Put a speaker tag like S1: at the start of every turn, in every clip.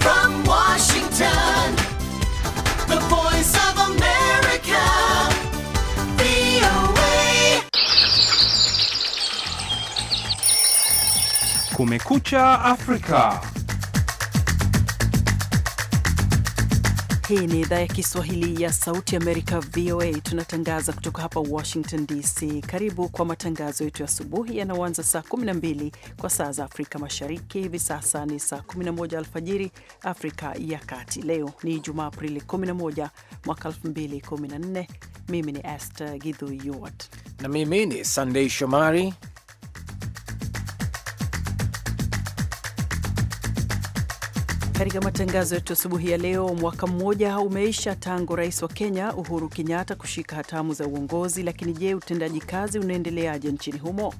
S1: from Washington, the voice of America, VOA.
S2: Kumekucha Africa.
S3: Hii ni idhaa ya Kiswahili ya Sauti Amerika, VOA. Tunatangaza kutoka hapa Washington DC. Karibu kwa matangazo yetu ya asubuhi yanaoanza saa 12 kwa saa za Afrika Mashariki. Hivi sasa ni saa 11 alfajiri Afrika ya Kati. Leo ni Ijumaa, Aprili 11 mwaka 2014. Mimi ni Esther Githu Yuwat
S4: na mimi ni Sandei Shomari
S3: Katika matangazo yetu asubuhi ya leo, mwaka mmoja umeisha tangu rais wa Kenya Uhuru Kenyatta kushika hatamu za uongozi. Lakini je, utendaji kazi unaendeleaje nchini humo?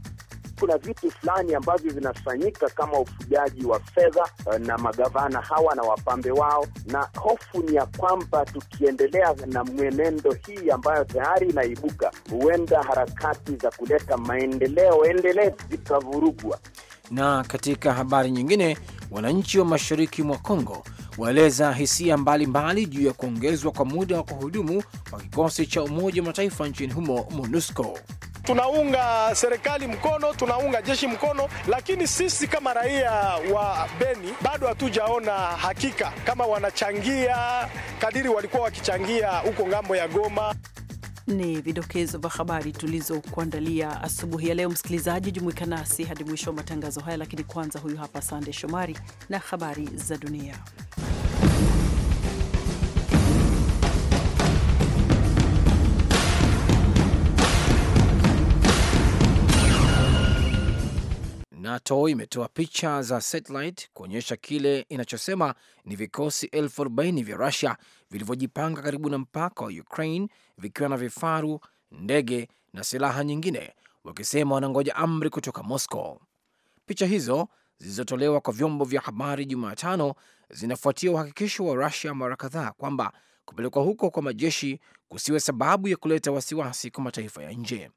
S5: Kuna vitu fulani ambavyo vinafanyika kama ufujaji wa fedha eh, na magavana hawa na wapambe wao, na hofu ni ya kwamba tukiendelea na mwenendo hii ambayo tayari inaibuka, huenda harakati za kuleta maendeleo endelevu zikavurugwa.
S4: Na katika habari nyingine, wananchi wa mashariki mwa Kongo waeleza hisia mbalimbali juu ya kuongezwa kwa muda wa kuhudumu kwa kikosi cha Umoja wa Mataifa nchini humo MONUSCO. Tunaunga
S6: serikali mkono, tunaunga jeshi mkono, lakini sisi kama raia wa Beni bado hatujaona hakika kama wanachangia kadiri walikuwa wakichangia huko ngambo ya Goma
S3: ni vidokezo vya habari tulizokuandalia asubuhi ya leo. Msikilizaji, jumuika nasi hadi mwisho wa matangazo haya, lakini kwanza, huyu hapa Sande Shomari na habari za dunia.
S4: NATO imetoa picha za satellite kuonyesha kile inachosema ni vikosi elfu arobaini vya Rusia vilivyojipanga karibu na mpaka wa Ukraine vikiwa na vifaru, ndege na silaha nyingine, wakisema wanangoja amri kutoka Moscow. Picha hizo zilizotolewa kwa vyombo vya habari Jumatano zinafuatia uhakikisho wa Rusia mara kadhaa kwamba kupelekwa huko kwa majeshi kusiwe sababu ya kuleta wasiwasi kwa mataifa ya nje.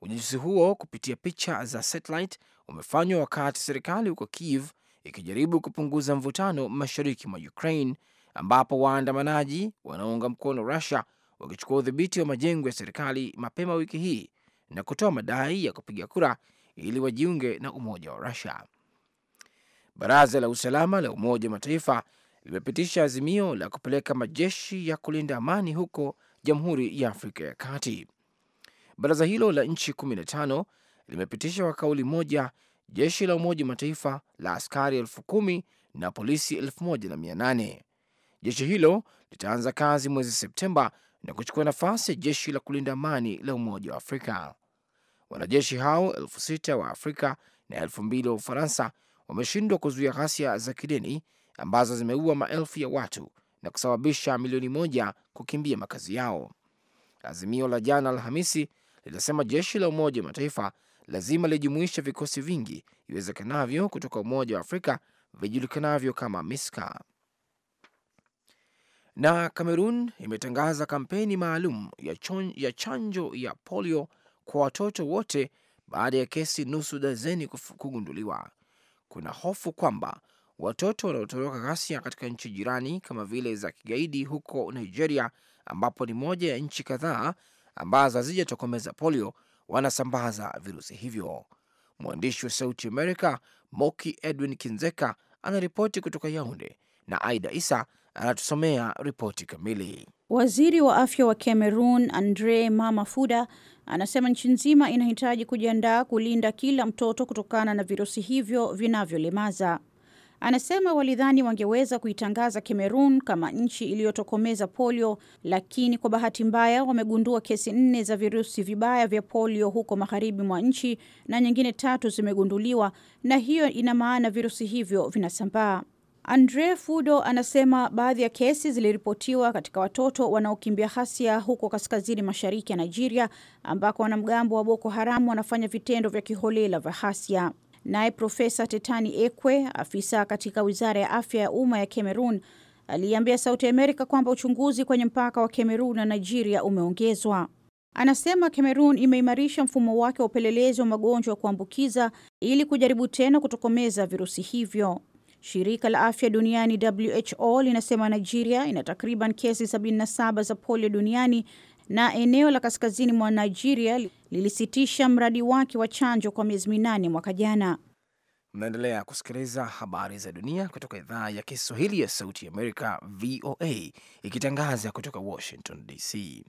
S4: Unyanyusi huo kupitia picha za satellite umefanywa wakati serikali huko Kiev ikijaribu kupunguza mvutano mashariki mwa Ukraine, ambapo waandamanaji wanaounga mkono Rusia wakichukua udhibiti wa majengo ya serikali mapema wiki hii na kutoa madai ya kupiga kura ili wajiunge na umoja wa Rusia. Baraza la usalama la Umoja wa Mataifa limepitisha azimio la kupeleka majeshi ya kulinda amani huko Jamhuri ya Afrika ya Kati. Baraza hilo la nchi tano limepitisha kwa kauli moja jeshi la Umoja wa Mataifa la askari elfu kumi na polisi elfu moja na mia nane. Jeshi hilo litaanza kazi mwezi Septemba na kuchukua nafasi ya jeshi la kulinda amani la Umoja wa Afrika. Wanajeshi hao elfu sita wa Afrika na elfu mbili wa Ufaransa wameshindwa kuzuia ghasia za kidini ambazo zimeua maelfu ya watu na kusababisha milioni moja kukimbia makazi yao. Azimio la jana Alhamisi linasema jeshi la Umoja wa Mataifa lazima lijumuishe vikosi vingi iwezekanavyo kutoka Umoja wa Afrika vijulikanavyo kama MISCA. Na Kamerun imetangaza kampeni maalum ya, ya chanjo ya polio kwa watoto wote baada ya kesi nusu dazeni kugunduliwa. Kuna hofu kwamba watoto wanaotoroka ghasia katika nchi jirani kama vile za kigaidi huko Nigeria, ambapo ni moja ya nchi kadhaa ambazo hazijatokomeza polio wanasambaza virusi hivyo. Mwandishi wa Sauti Amerika Moki Edwin Kinzeka anaripoti kutoka Yaunde na Aida Isa anatusomea ripoti kamili.
S7: Waziri wa afya wa Cameroon Andre Mamafuda anasema nchi nzima inahitaji kujiandaa kulinda kila mtoto kutokana na virusi hivyo vinavyolemaza. Anasema walidhani wangeweza kuitangaza Cameroon kama nchi iliyotokomeza polio, lakini kwa bahati mbaya wamegundua kesi nne za virusi vibaya vya polio huko magharibi mwa nchi na nyingine tatu zimegunduliwa, na hiyo ina maana virusi hivyo vinasambaa. Andre Fudo anasema baadhi ya kesi ziliripotiwa katika watoto wanaokimbia ghasia huko kaskazini mashariki ya Nigeria, ambako wanamgambo wa Boko Haram wanafanya vitendo vya kiholela vya ghasia. Naye Profesa Tetani Ekwe, afisa katika wizara ya afya ya umma ya Cameroon, aliyeambia Sauti Amerika kwamba uchunguzi kwenye mpaka wa Cameroon na Nigeria umeongezwa. Anasema Cameroon imeimarisha mfumo wake wa upelelezi wa magonjwa ya kuambukiza ili kujaribu tena kutokomeza virusi hivyo. Shirika la afya duniani WHO linasema Nigeria ina takriban kesi 77 za polio duniani na eneo la kaskazini mwa Nigeria lilisitisha mradi wake wa chanjo kwa miezi minane mwaka jana.
S4: Mnaendelea kusikiliza habari za dunia kutoka idhaa ya Kiswahili ya Sauti ya Amerika, VOA, ikitangaza kutoka Washington DC.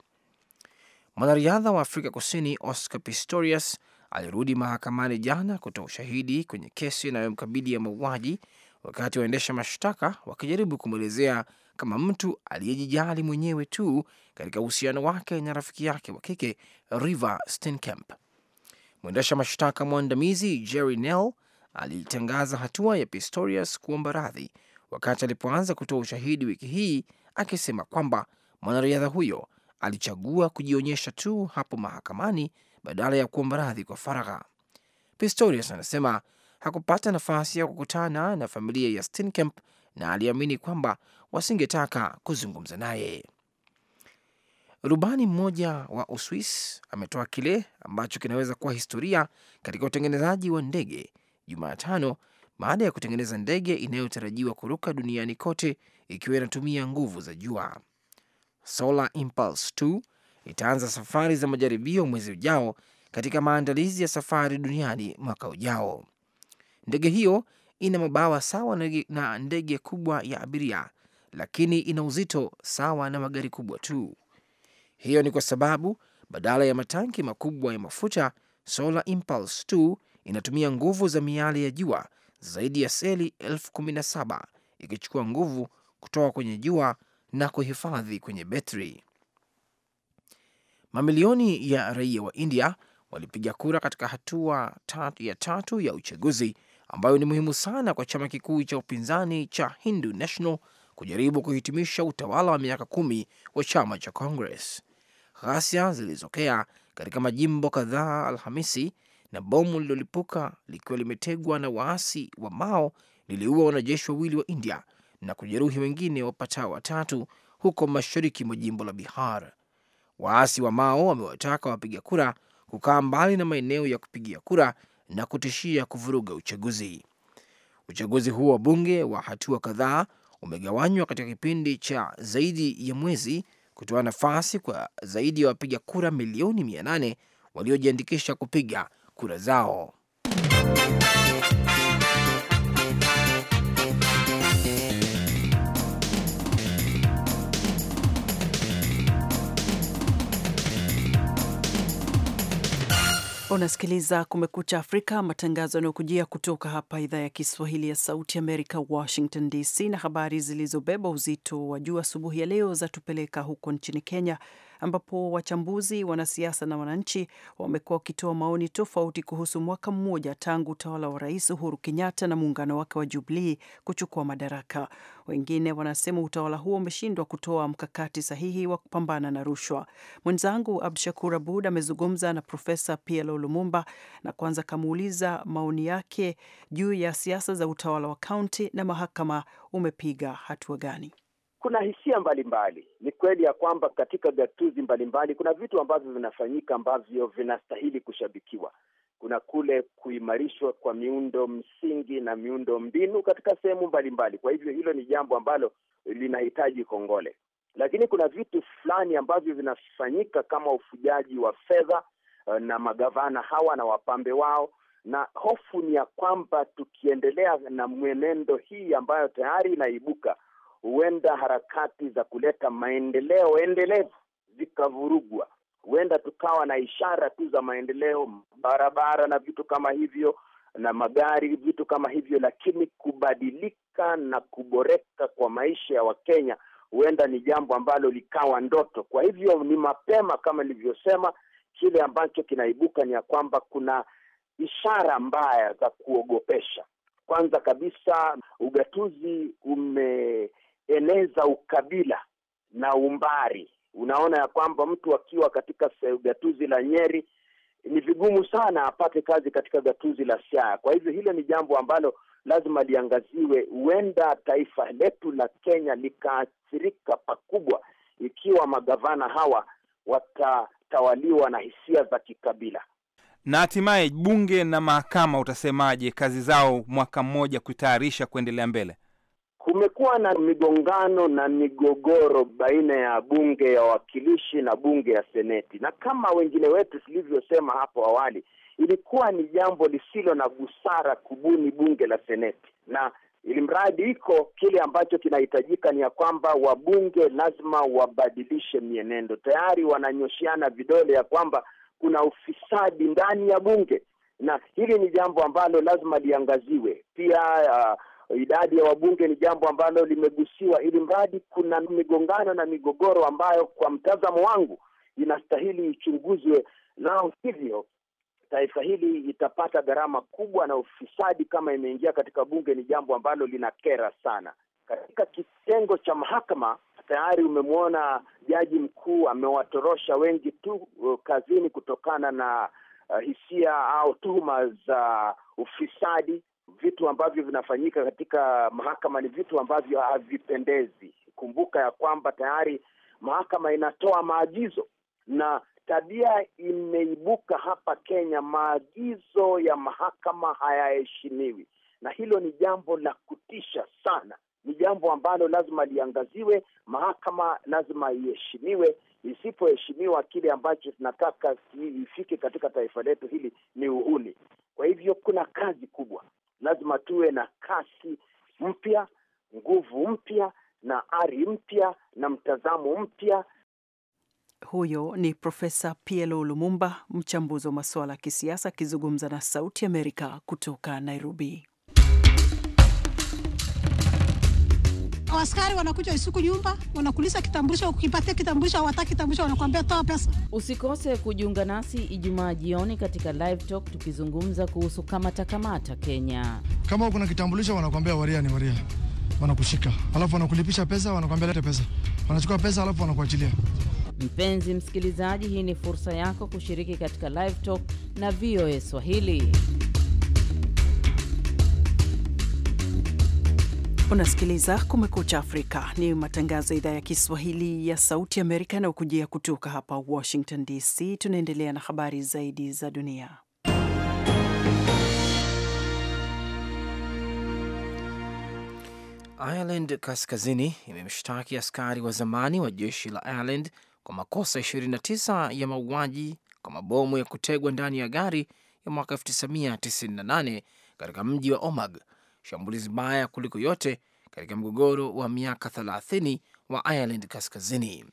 S4: Mwanariadha wa Afrika Kusini Oscar Pistorius alirudi mahakamani jana kutoa ushahidi kwenye kesi inayomkabili ya mauaji, wakati waendesha mashtaka wakijaribu kumwelezea kama mtu aliyejijali mwenyewe tu katika uhusiano wake na rafiki yake wa kike River Steenkamp. Mwendesha mashtaka mwandamizi Jerry Nell alitangaza hatua ya Pistorius kuomba radhi wakati alipoanza kutoa ushahidi wiki hii, akisema kwamba mwanariadha huyo alichagua kujionyesha tu hapo mahakamani badala ya kuomba radhi kwa faragha. Pistorius anasema hakupata nafasi ya kukutana na familia ya Steenkamp na aliamini kwamba wasingetaka kuzungumza naye. Rubani mmoja wa Uswis ametoa kile ambacho kinaweza kuwa historia katika utengenezaji wa ndege Jumatano baada ya kutengeneza ndege inayotarajiwa kuruka duniani kote ikiwa inatumia nguvu za jua. Solar Impulse 2 itaanza safari za majaribio mwezi ujao katika maandalizi ya safari duniani mwaka ujao. Ndege hiyo ina mabawa sawa na ndege kubwa ya abiria lakini ina uzito sawa na magari kubwa tu. Hiyo ni kwa sababu badala ya matanki makubwa ya mafuta, Solar Impulse 2 inatumia nguvu za miale ya jua zaidi ya seli elfu kumi na saba ikichukua nguvu kutoka kwenye jua na kuhifadhi kwenye betri. Mamilioni ya raia wa India walipiga kura katika hatua tatu ya tatu ya uchaguzi ambayo ni muhimu sana kwa chama kikuu cha upinzani cha Hindu National kujaribu kuhitimisha utawala wa miaka kumi wa chama cha Congress. Ghasia zilizotokea katika majimbo kadhaa Alhamisi na bomu lililolipuka likiwa limetegwa na waasi wa Mao liliua wanajeshi wawili wa India na kujeruhi wengine wapatao watatu huko mashariki mwa jimbo la Bihar. Waasi wa Mao wamewataka wapiga kura kukaa mbali na maeneo ya kupigia kura na kutishia kuvuruga uchaguzi. Uchaguzi huo wa bunge wa hatua kadhaa umegawanywa katika kipindi cha zaidi ya mwezi kutoa nafasi kwa zaidi ya wa wapiga kura milioni mia nane waliojiandikisha kupiga kura zao.
S3: Unasikiliza Kumekucha Afrika, matangazo yanayokujia kutoka hapa idhaa ya Kiswahili ya Sauti Amerika, Washington DC. Na habari zilizobeba uzito wa juu asubuhi ya leo za tupeleka huko nchini Kenya, ambapo wachambuzi, wanasiasa na wananchi wamekuwa wakitoa maoni tofauti kuhusu mwaka mmoja tangu utawala wa Rais Uhuru Kenyatta na muungano wake wa Jubilii kuchukua madaraka. Wengine wanasema utawala huo umeshindwa kutoa mkakati sahihi wa kupambana na rushwa. Mwenzangu Abdu Shakur Abud amezungumza na Profesa Pielo Lumumba na kwanza kamuuliza maoni yake juu ya siasa za utawala wa kaunti na mahakama umepiga hatua gani?
S5: kuna hisia mbalimbali mbali. Ni kweli ya kwamba katika gatuzi mbalimbali mbali, kuna vitu ambavyo vinafanyika ambavyo vinastahili kushabikiwa. Kuna kule kuimarishwa kwa miundo msingi na miundo mbinu katika sehemu mbalimbali. Kwa hivyo hilo ni jambo ambalo linahitaji kongole, lakini kuna vitu fulani ambavyo vinafanyika kama ufujaji wa fedha eh, na magavana hawa na wapambe wao, na hofu ni ya kwamba tukiendelea na mwenendo hii ambayo tayari inaibuka huenda harakati za kuleta maendeleo endelevu zikavurugwa. Huenda tukawa na ishara tu za maendeleo, barabara na vitu kama hivyo, na magari, vitu kama hivyo, lakini kubadilika na kuboreka kwa maisha ya Wakenya huenda ni jambo ambalo likawa ndoto. Kwa hivyo ni mapema, kama nilivyosema, kile ambacho kinaibuka ni ya kwamba kuna ishara mbaya za kuogopesha. Kwanza kabisa, ugatuzi ume eneza ukabila na umbari. Unaona ya kwamba mtu akiwa katika gatuzi la Nyeri ni vigumu sana apate kazi katika gatuzi la Siaya. Kwa hivyo hilo ni jambo ambalo lazima liangaziwe. Huenda taifa letu la Kenya likaathirika pakubwa ikiwa magavana hawa watatawaliwa na hisia za kikabila.
S2: Na hatimaye bunge na mahakama, utasemaje kazi zao mwaka mmoja kutayarisha kuendelea mbele?
S5: Kumekuwa na migongano na migogoro baina ya bunge ya wawakilishi na bunge ya seneti, na kama wengine wetu tulivyosema hapo awali, ilikuwa ni jambo lisilo na busara kubuni bunge la seneti, na ili mradi iko kile ambacho kinahitajika ni ya kwamba wabunge lazima wabadilishe mienendo. Tayari wananyoshiana vidole ya kwamba kuna ufisadi ndani ya bunge, na hili ni jambo ambalo lazima liangaziwe pia. Uh, idadi ya wabunge ni jambo ambalo limegusiwa, ili mradi kuna migongano na migogoro ambayo kwa mtazamo wangu inastahili ichunguzwe, nao hivyo taifa hili itapata gharama kubwa, na ufisadi kama imeingia katika bunge ni jambo ambalo linakera sana. Katika kitengo cha mahakama tayari umemwona jaji mkuu amewatorosha wengi tu uh, kazini kutokana na uh, hisia au tuhuma za ufisadi vitu ambavyo vinafanyika katika mahakama ni vitu ambavyo havipendezi. Kumbuka ya kwamba tayari mahakama inatoa maagizo na tabia imeibuka hapa Kenya, maagizo ya mahakama hayaheshimiwi, na hilo ni jambo la kutisha sana. Ni jambo ambalo lazima liangaziwe, mahakama lazima iheshimiwe. Isipoheshimiwa, kile ambacho tunataka ifike katika taifa letu hili ni uhuni. Kwa hivyo kuna kazi kubwa lazima tuwe na kasi mpya, nguvu mpya, na ari mpya na mtazamo mpya.
S3: Huyo ni Profesa Pielo Lumumba, mchambuzi wa masuala ya kisiasa akizungumza na Sauti Amerika kutoka Nairobi.
S7: Askari wanakuja usiku nyumba, wanakulisa kitambulisho, ukipatia kitambulisho hawataki kitambulisho, wanakuambia toa pesa. Usikose kujiunga nasi Ijumaa jioni katika live talk, tukizungumza kuhusu kamata kamata Kenya.
S6: Kama kuna kitambulisho wanakuambia waria ni waria, wanakushika alafu wanakulipisha pesa, wanakuambia lete pesa, wanachukua pesa alafu wanakuachilia.
S7: Mpenzi msikilizaji, hii ni fursa yako kushiriki katika live talk na VOA Swahili.
S3: Unasikiliza Kumekucha Afrika, ni matangazo ya idhaa ya Kiswahili ya Sauti Amerika yanayokujia kutoka hapa Washington DC. Tunaendelea na habari zaidi za dunia.
S4: Ireland Kaskazini imemshtaki askari wa zamani wa jeshi la Ireland kwa makosa 29 ya mauaji kwa mabomu ya kutegwa ndani ya gari ya mwaka 1998 katika mji wa Omagh shambulizi baya kuliko yote katika mgogoro wa miaka 30 wa Ireland Kaskazini.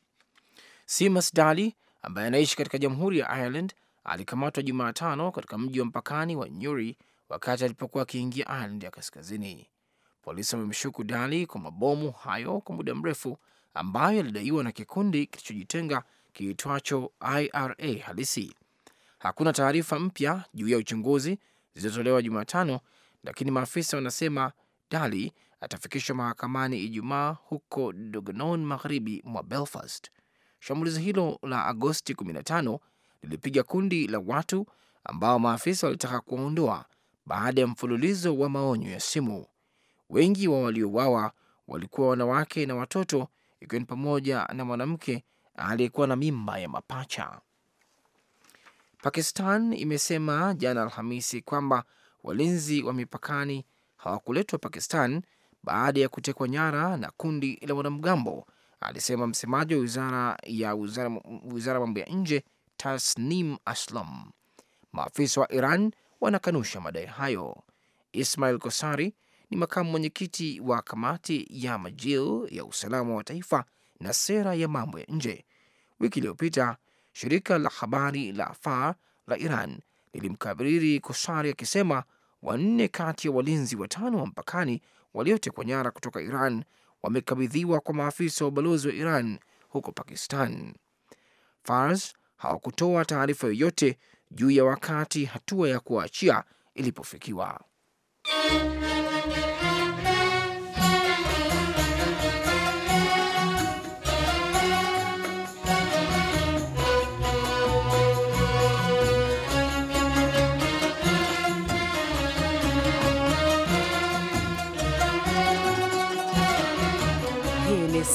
S4: Seamus Daly ambaye anaishi katika jamhuri ya Ireland alikamatwa Jumatano katika mji wa mpakani wa Newry wakati alipokuwa akiingia Ireland ya Kaskazini. Polisi wamemshuku Dali kwa mabomu hayo kwa muda mrefu ambayo yalidaiwa na kikundi kilichojitenga kiitwacho IRA halisi. Hakuna taarifa mpya juu ya uchunguzi zilizotolewa Jumatano lakini maafisa wanasema Dali atafikishwa mahakamani Ijumaa huko Dogonon, magharibi mwa Belfast. Shambulizi hilo la Agosti 15 lilipiga kundi la watu ambao maafisa walitaka kuwaondoa baada ya mfululizo wa maonyo ya simu. Wengi wa waliouawa walikuwa wanawake na watoto, ikiwa ni pamoja na mwanamke aliyekuwa na mimba ya mapacha. Pakistan imesema jana Alhamisi kwamba walinzi wa mipakani hawakuletwa Pakistan baada ya kutekwa nyara na kundi la wanamgambo, alisema msemaji wa wizara ya wizara mambo ya nje Tasnim Aslam. Maafisa wa Iran wanakanusha madai hayo. Ismail Kosari ni makamu mwenyekiti wa kamati ya Majil ya usalama wa taifa na sera ya mambo ya nje. Wiki iliyopita shirika la habari la fa la Iran lilimkariri Kosari akisema wanne kati ya walinzi watano wa mpakani waliotekwa nyara kutoka Iran wamekabidhiwa kwa maafisa wa ubalozi wa Iran huko Pakistan. Fars hawakutoa taarifa yoyote juu ya wakati hatua ya kuwaachia ilipofikiwa.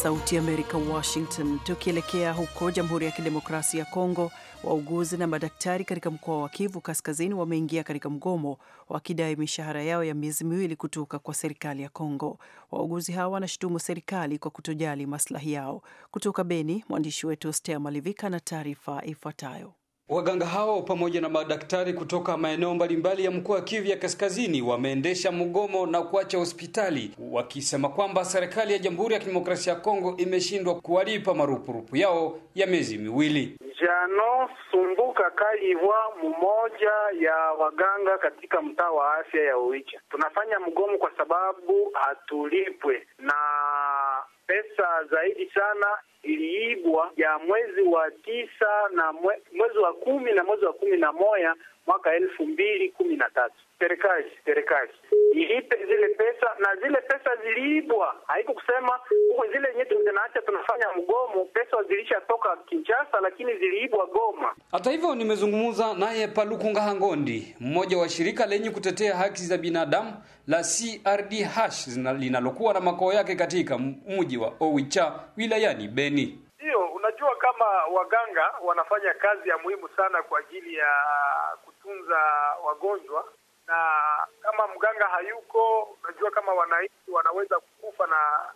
S3: Sauti Amerika, Washington. Tukielekea huko Jamhuri ya Kidemokrasia ya Kongo, wauguzi na madaktari katika mkoa wa Kivu Kaskazini wameingia katika mgomo wakidai mishahara yao ya miezi miwili kutoka kwa serikali ya Kongo. Wauguzi hawa wanashutumu serikali kwa kutojali maslahi yao. Kutoka Beni, mwandishi wetu Stea Malivika na taarifa ifuatayo.
S2: Waganga hao pamoja na madaktari kutoka maeneo mbalimbali ya mkoa wa Kivu ya Kaskazini wameendesha mgomo na kuacha hospitali wakisema kwamba serikali ya Jamhuri ya Kidemokrasia ya Kongo imeshindwa kuwalipa marupurupu yao ya miezi miwili.
S1: Jano Sumbuka Kalivwa, mmoja ya waganga katika mtaa wa afya ya Uicha: tunafanya mgomo kwa sababu hatulipwe na pesa zaidi sana iliibwa ya mwezi wa tisa na mwe, mwezi wa kumi na mwezi wa kumi na moja mwaka elfu mbili kumi na tatu serikali serikali ilipe zile pesa na zile pesa ziliibwa. Haiko kusema huko zile nyetu zinaacha tunafanya mgomo, pesa zilishatoka Kinshasa,
S2: lakini ziliibwa Goma. Hata hivyo, nimezungumza naye Paluku Ngahangondi, mmoja wa shirika lenye kutetea haki za binadamu la CRDH linalokuwa na makao yake katika mji wa Owicha wilayani Beni.
S1: Ndio unajua kama waganga wanafanya kazi ya muhimu sana kwa ajili ya kutunza wagonjwa, na kama mganga hayuko, unajua kama wananchi wanaweza kukufa na,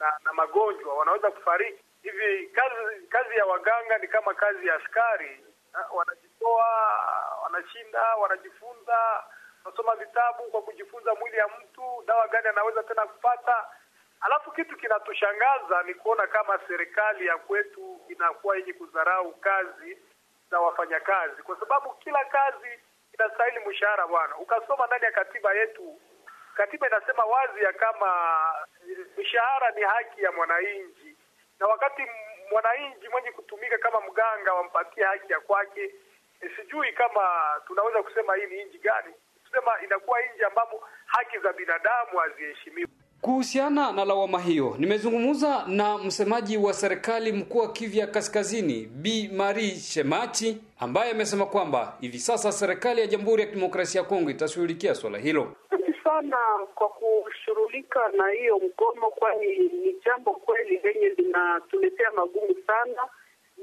S1: na na magonjwa, wanaweza kufariki. Hivi kazi kazi ya waganga ni kama kazi ya askari, wanajitoa, wanashinda, wanajifunza, wanasoma vitabu kwa kujifunza mwili ya mtu, dawa gani anaweza tena kupata Alafu kitu kinatushangaza ni kuona kama serikali ya kwetu inakuwa yenye kudharau kazi za wafanyakazi, kwa sababu kila kazi inastahili mshahara bwana. Ukasoma ndani ya katiba yetu, katiba inasema wazi ya kama mshahara ni haki ya mwananchi, na wakati mwananchi mwenye kutumika kama mganga wampatie haki ya kwake. E, sijui kama tunaweza kusema hii ni nchi gani? sema inakuwa nchi ambapo haki za binadamu haziheshimiwi.
S2: Kuhusiana na lawama hiyo, nimezungumza na msemaji wa serikali mkuu wa Kivya Kaskazini, Bi Marie Shemachi, ambaye amesema kwamba hivi sasa serikali ya Jamhuri ya Kidemokrasia ya Kongo itashughulikia swala hilo
S1: sana kwa kushughulika na hiyo mgomo, kwani ni jambo kweli lenye linatuletea magumu sana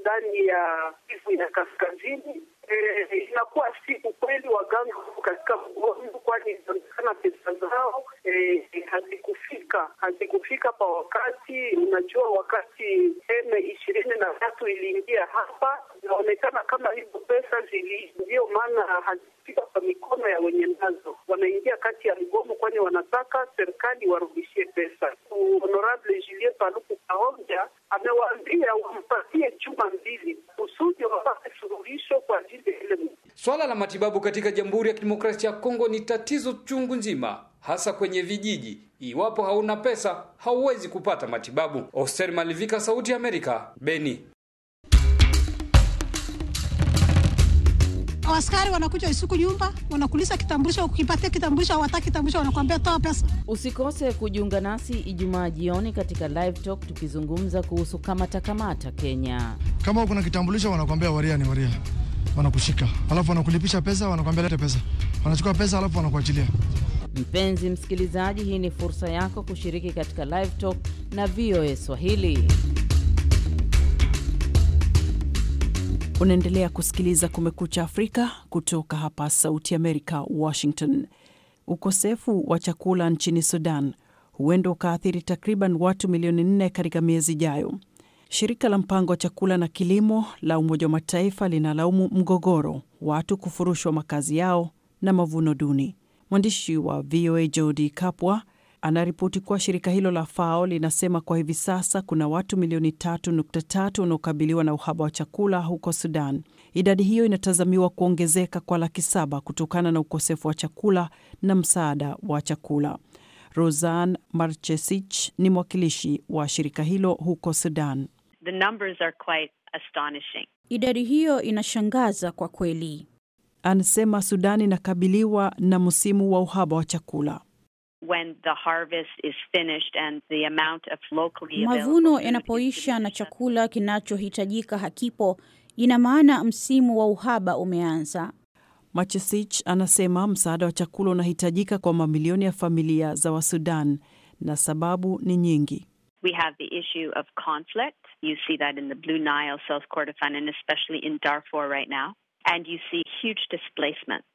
S1: ndani ya Kivu ya Kaskazini eh, inakuwa si ukweli. Waganga katika mgonjwa, kwani inaonekana pesa zao eh, hazikufika hazikufika kwa wakati. Unajua, wakati eme ishirini na tatu iliingia hapa, inaonekana kama hizo pesa zili, ndiyo maana hazikufika kwa mikono ya wenye nazo. Wanaingia kati ya mgomo, kwani wanataka serikali warudishie pesa. Honorable Julien Paluku Kaonja amewaambia wampa
S2: Swala la matibabu katika Jamhuri ya Kidemokrasia ya Kongo ni tatizo chungu nzima, hasa kwenye vijiji. Iwapo hauna pesa, hauwezi kupata matibabu. Oster Malivika, Sauti ya Amerika, Beni.
S7: Askari wanakuja usiku nyumba, wanakulisa kitambulisho, ukipatia kitambulisho hawataki kitambulisho, wanakuambia toa pesa. Usikose kujiunga nasi Ijumaa jioni katika live talk, tukizungumza kuhusu kamata kamata Kenya. Kama uko na
S6: kitambulisho wanakuambia waria ni waria wanakushika, alafu wanakulipisha pesa, wanakuambia lete pesa, wanachukua pesa, alafu wanakuachilia.
S7: Mpenzi msikilizaji, hii ni fursa yako kushiriki katika live talk na VOA Swahili.
S3: Unaendelea kusikiliza Kumekucha Afrika kutoka hapa Sauti Amerika, Washington. Ukosefu wa chakula nchini Sudan huenda ukaathiri takriban watu milioni nne katika miezi ijayo. Shirika la mpango wa chakula na kilimo la Umoja wa Mataifa linalaumu mgogoro, watu kufurushwa makazi yao na mavuno duni. Mwandishi wa VOA Jodi Kapwa anaripoti kuwa shirika hilo la FAO linasema kwa hivi sasa kuna watu milioni 3.3 wanaokabiliwa na uhaba wa chakula huko Sudan. Idadi hiyo inatazamiwa kuongezeka kwa laki saba kutokana na ukosefu wa chakula na msaada wa chakula. Rosan Marchesich ni mwakilishi wa shirika hilo huko Sudan
S5: the numbers are quite astonishing.
S3: Idadi hiyo inashangaza kwa kweli, anasema. Sudani inakabiliwa
S7: na msimu wa uhaba wa chakula.
S5: When the harvest is finished and
S3: the amount of locally mavuno
S7: yanapoisha na chakula kinachohitajika hakipo, ina maana msimu wa uhaba umeanza.
S3: Machesich anasema msaada wa chakula unahitajika kwa mamilioni ya familia za Wasudan na sababu ni nyingi.
S5: We have the issue of conflict. You see that in the Blue Nile, South Kordofan, and especially in Darfur right now. And you see huge displacements.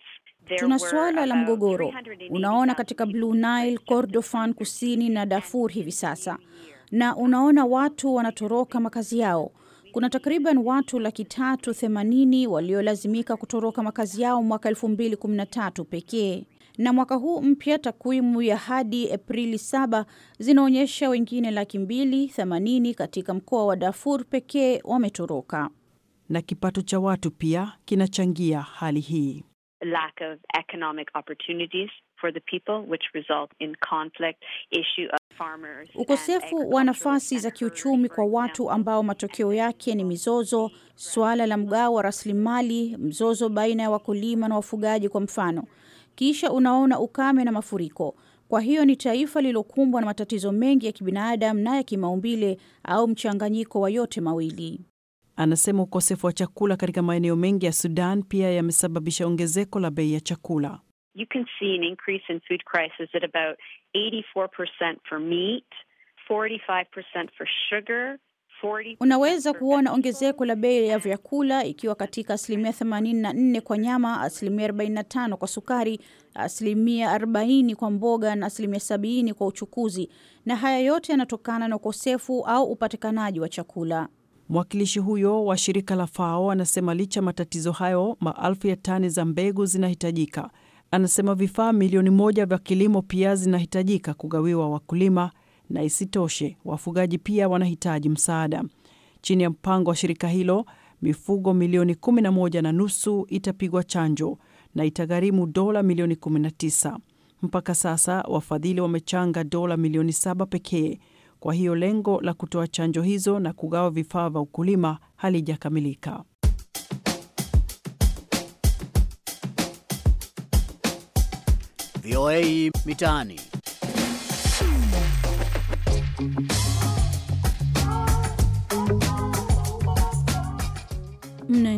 S5: Tuna suala
S7: la mgogoro unaona katika Blue Nile, Kordofan kusini na Darfur hivi sasa, na unaona watu wanatoroka makazi yao. Kuna takriban watu laki tatu themanini waliolazimika kutoroka makazi yao mwaka 2013 pekee na mwaka huu mpya takwimu ya hadi Aprili 7 zinaonyesha wengine laki mbili themanini katika mkoa wa Darfur pekee wametoroka. Na
S3: kipato cha watu pia kinachangia hali hii. Lack of economic
S5: opportunities for the people which result in conflict, issue of farmers. Ukosefu wa
S7: nafasi za kiuchumi kwa watu ambao matokeo yake ni mizozo, suala la mgao wa rasilimali, mzozo baina ya wakulima na wafugaji kwa mfano kisha unaona ukame na mafuriko. Kwa hiyo ni taifa lililokumbwa na matatizo mengi ya kibinadamu na ya kimaumbile au mchanganyiko wa yote mawili.
S3: Anasema ukosefu wa chakula katika maeneo mengi ya Sudan pia yamesababisha ongezeko la bei ya chakula.
S5: You can see an increase in food at about 84% for meat, 45% for sugar
S7: Unaweza kuona ongezeko la bei ya vyakula ikiwa katika asilimia 84 kwa nyama, asilimia 45 kwa sukari, asilimia 40 kwa mboga na asilimia 70 kwa uchukuzi, na haya yote yanatokana na ukosefu au upatikanaji wa chakula.
S3: Mwakilishi huyo wa shirika la FAO anasema licha matatizo hayo, maelfu ya tani za mbegu zinahitajika. Anasema vifaa milioni moja vya kilimo pia zinahitajika kugawiwa wakulima na isitoshe wafugaji pia wanahitaji msaada. Chini ya mpango wa shirika hilo, mifugo milioni 11 na nusu itapigwa chanjo na itagharimu dola milioni 19. Mpaka sasa wafadhili wamechanga dola milioni saba pekee. Kwa hiyo lengo la kutoa chanjo hizo na kugawa vifaa vya ukulima halijakamilika.
S7: VOA Mitaani.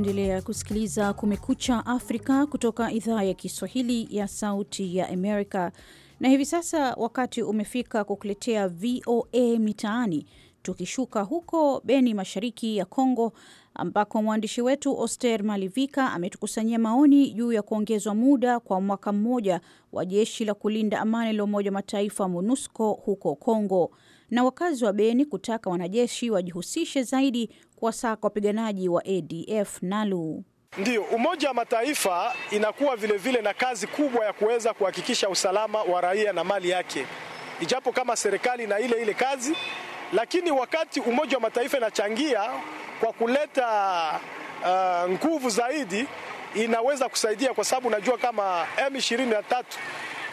S7: Unaendelea kusikiliza Kumekucha Afrika kutoka idhaa ya Kiswahili ya Sauti ya Amerika, na hivi sasa wakati umefika kukuletea VOA Mitaani, tukishuka huko Beni, mashariki ya Kongo, ambako mwandishi wetu Oster Malivika ametukusanyia maoni juu ya kuongezwa muda kwa mwaka mmoja wa jeshi la kulinda amani la Umoja wa Mataifa MONUSCO huko Kongo na wakazi wa Beni kutaka wanajeshi wajihusishe zaidi kuwasaka wapiganaji wa ADF NALU.
S6: Ndiyo, Umoja wa Mataifa inakuwa vilevile vile na kazi kubwa ya kuweza kuhakikisha usalama wa raia na mali yake, ijapo kama serikali na ile ile kazi, lakini wakati Umoja wa Mataifa inachangia kwa kuleta uh, nguvu zaidi inaweza kusaidia, kwa sababu najua kama M23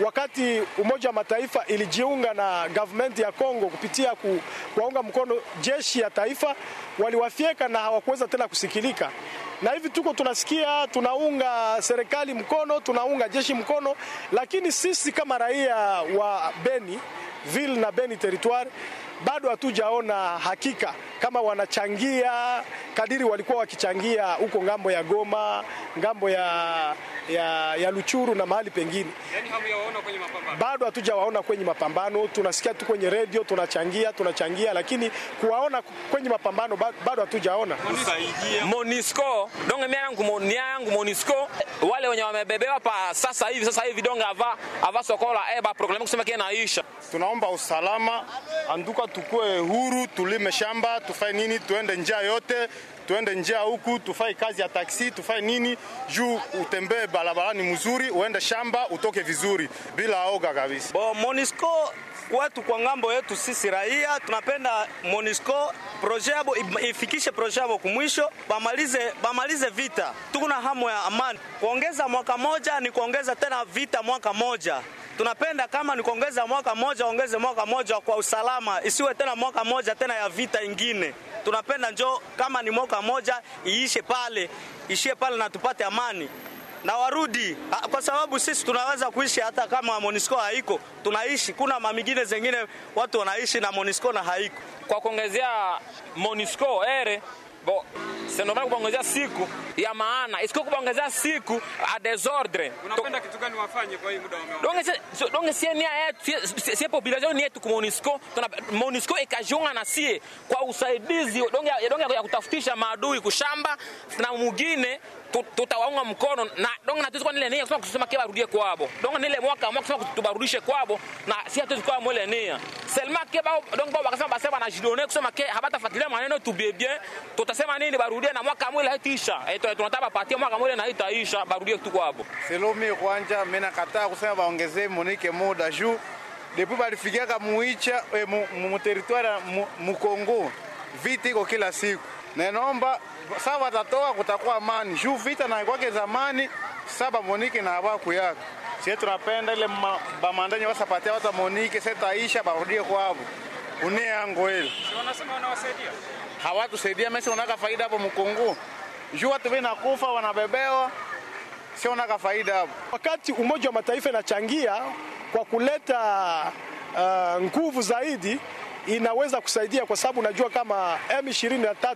S6: wakati Umoja wa Mataifa ilijiunga na government ya Kongo kupitia ku, kuwaunga mkono jeshi ya taifa, waliwafyeka na hawakuweza tena kusikilika na hivi tuko tunasikia tunaunga serikali mkono, tunaunga jeshi mkono, lakini sisi kama raia wa Beni ville na Beni territoire bado hatujaona hakika kama wanachangia kadiri walikuwa wakichangia huko ngambo ya Goma, ngambo ya, ya, ya Luchuru na mahali pengine. Yani hamuyaona kwenye mapambano. Bado hatujawaona kwenye mapambano, tunasikia tu kwenye redio tunachangia tunachangia, lakini kuwaona kwenye mapambano bado hatujaona.
S2: Monisco donge mia yangu nia yangu Monisco wale wenye wamebebewa pa sasa hivi sasa hivi donge ava ava sokola eba eh, program kusema kile naisha. Tunaomba usalama
S6: anduka tukue huru, tulime shamba, tufai nini, tuende njia yote, tuende njia huku, tufai kazi ya taksi, tufai nini, juu utembee barabarani mzuri, uende shamba, utoke vizuri bila oga kabisa. Bo, Monisco kwetu kwa ngambo yetu sisi raia tunapenda Monisco proje yabo ifikishe proje yabo kumwisho, bamalize bamalize vita, na hamu ya amani. Kuongeza mwaka moja ni kuongeza tena vita mwaka moja tunapenda kama ni kuongeza mwaka mmoja, ongeze mwaka mmoja kwa usalama, isiwe tena mwaka mmoja tena ya vita ingine. Tunapenda njo kama ni mwaka mmoja iishe pale, ishie pale na tupate amani na warudi, ah, kwa sababu sisi tunaweza kuishi hata kama Monisco haiko, tunaishi. Kuna mamingine zengine watu wanaishi na
S2: Monisco na haiko. Kwa kuongezea Monisco ere bo ndio maana kuongezea siku ya maana, isiko kuongezea siku a desordre. Unapenda kitu gani wafanye kwa hii muda wao? Donge si donge si nia yetu si population ni yetu kwa MONUSCO, MONUSCO ikajiunga na sie kwa usaidizi donge donge ya kutafutisha maadui kushamba na mwingine tutawaunga mkono na donga na tusikwani ile nia kusema kusema kia barudie kwabo donga nile mwaka mwaka kusema tubarudishe kwabo na si hatuwezi kwa mwele nia selma kia donga bao wakasema basi bana jidone kusema kia habata fuatilia maneno tubiebie tutasema nini barudie na mwaka mwele haitisha eh tunataka patia mwaka mwele na haitaisha barudie tu kwabo Selumi kwanza mimi
S6: nakataa kusema baongezee munike muda juu depuis balifikiaka muicha eh, mu, territoire mu, Congo vita iko kila siku nenomba sa watatoa kutakuwa amani juu vita naikwake zamani saba monike na hawakuyaka sie tunapenda ile bamandenye wasapatia wata monike setaisha barudie kwavo une yango ile hawatusaidia mesi unaka faida hapo mkungu juu watu vinakufa wanabebewa sio unaka faida hapo wakati umoja wa mataifa inachangia kwa kuleta uh, nguvu zaidi inaweza kusaidia, kwa sababu najua kama M23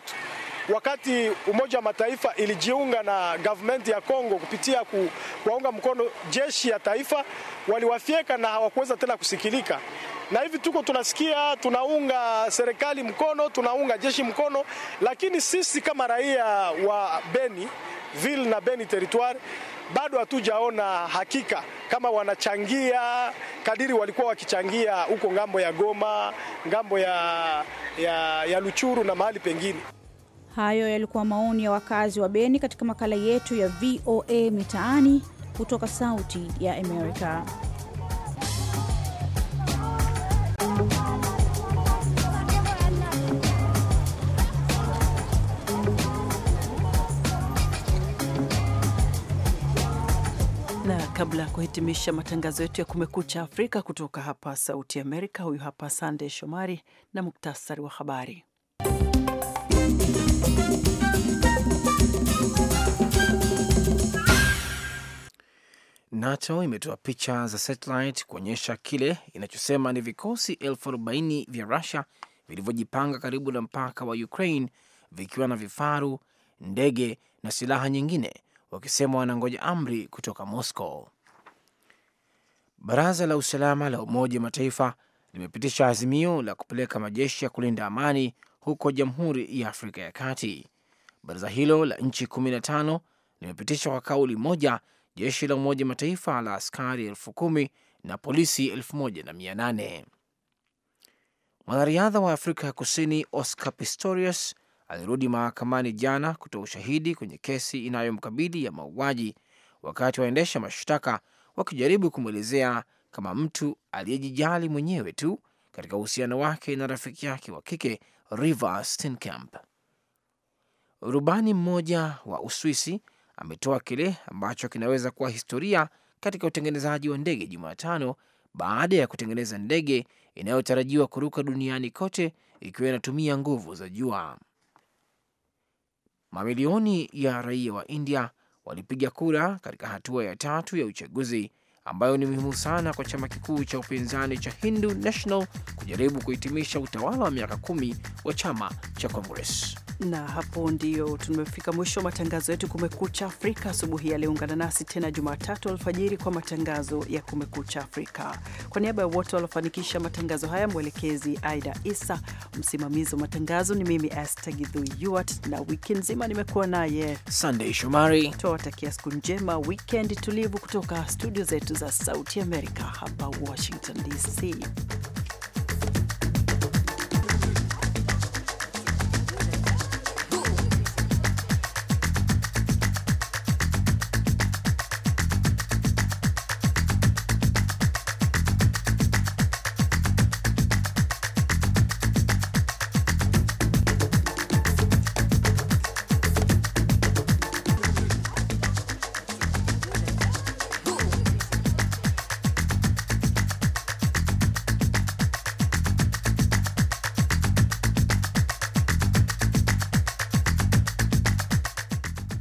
S6: wakati Umoja wa Mataifa ilijiunga na government ya Kongo kupitia ku, kuwaunga mkono jeshi ya taifa waliwafyeka na hawakuweza tena kusikilika, na hivi tuko tunasikia tunaunga serikali mkono, tunaunga jeshi mkono, lakini sisi kama raia wa Beni ville na Beni territoire bado hatujaona hakika kama wanachangia kadiri walikuwa wakichangia huko ngambo ya Goma, ngambo ya, ya, ya Luchuru na mahali pengine.
S7: Hayo yalikuwa maoni ya wakazi wa Beni katika makala yetu ya VOA Mitaani kutoka Sauti ya Amerika.
S3: Kabla ya kuhitimisha matangazo yetu ya Kumekucha Afrika kutoka hapa Sauti Amerika, huyu hapa Sandey Shomari na muktasari wa habari. NATO
S4: imetoa picha za satellite kuonyesha kile inachosema ni vikosi elfu arobaini vya Rusia vilivyojipanga karibu na mpaka wa Ukraine vikiwa na vifaru, ndege na silaha nyingine wakisema wanangoja amri kutoka Moscow. Baraza la usalama la Umoja wa Mataifa limepitisha azimio la kupeleka majeshi ya kulinda amani huko Jamhuri ya Afrika ya Kati. Baraza hilo la nchi 15 limepitisha kwa kauli moja jeshi la Umoja Mataifa la askari elfu kumi na polisi elfu moja na mia nane. Mwanariadha wa Afrika ya Kusini Oscar Pistorius alirudi mahakamani jana kutoa ushahidi kwenye kesi inayomkabili ya mauaji, wakati waendesha mashtaka wakijaribu kumwelezea kama mtu aliyejijali mwenyewe tu katika uhusiano wake na rafiki yake wa kike Reeva Steenkamp. Rubani mmoja wa Uswisi ametoa kile ambacho kinaweza kuwa historia katika utengenezaji wa ndege Jumatano baada ya kutengeneza ndege inayotarajiwa kuruka duniani kote ikiwa inatumia nguvu za jua. Mamilioni ya raia wa India walipiga kura katika hatua ya tatu ya uchaguzi ambayo ni muhimu sana kwa chama kikuu cha upinzani cha Hindu National kujaribu kuhitimisha utawala wa miaka kumi wa chama cha Congress
S3: na hapo ndio tumefika mwisho wa matangazo yetu Kumekucha Afrika asubuhi yaliyoungana nasi tena Jumatatu alfajiri kwa matangazo ya Kumekucha Afrika. Kwa niaba ya wote waliofanikisha matangazo haya, mwelekezi Aida Isa, msimamizi wa matangazo ni mimi Astagidhu Yuat, na wiki nzima nimekuwa naye Sandey Shomari. tuawatakia siku njema, wikendi tulivu, kutoka studio zetu za Sauti Amerika hapa Washington DC.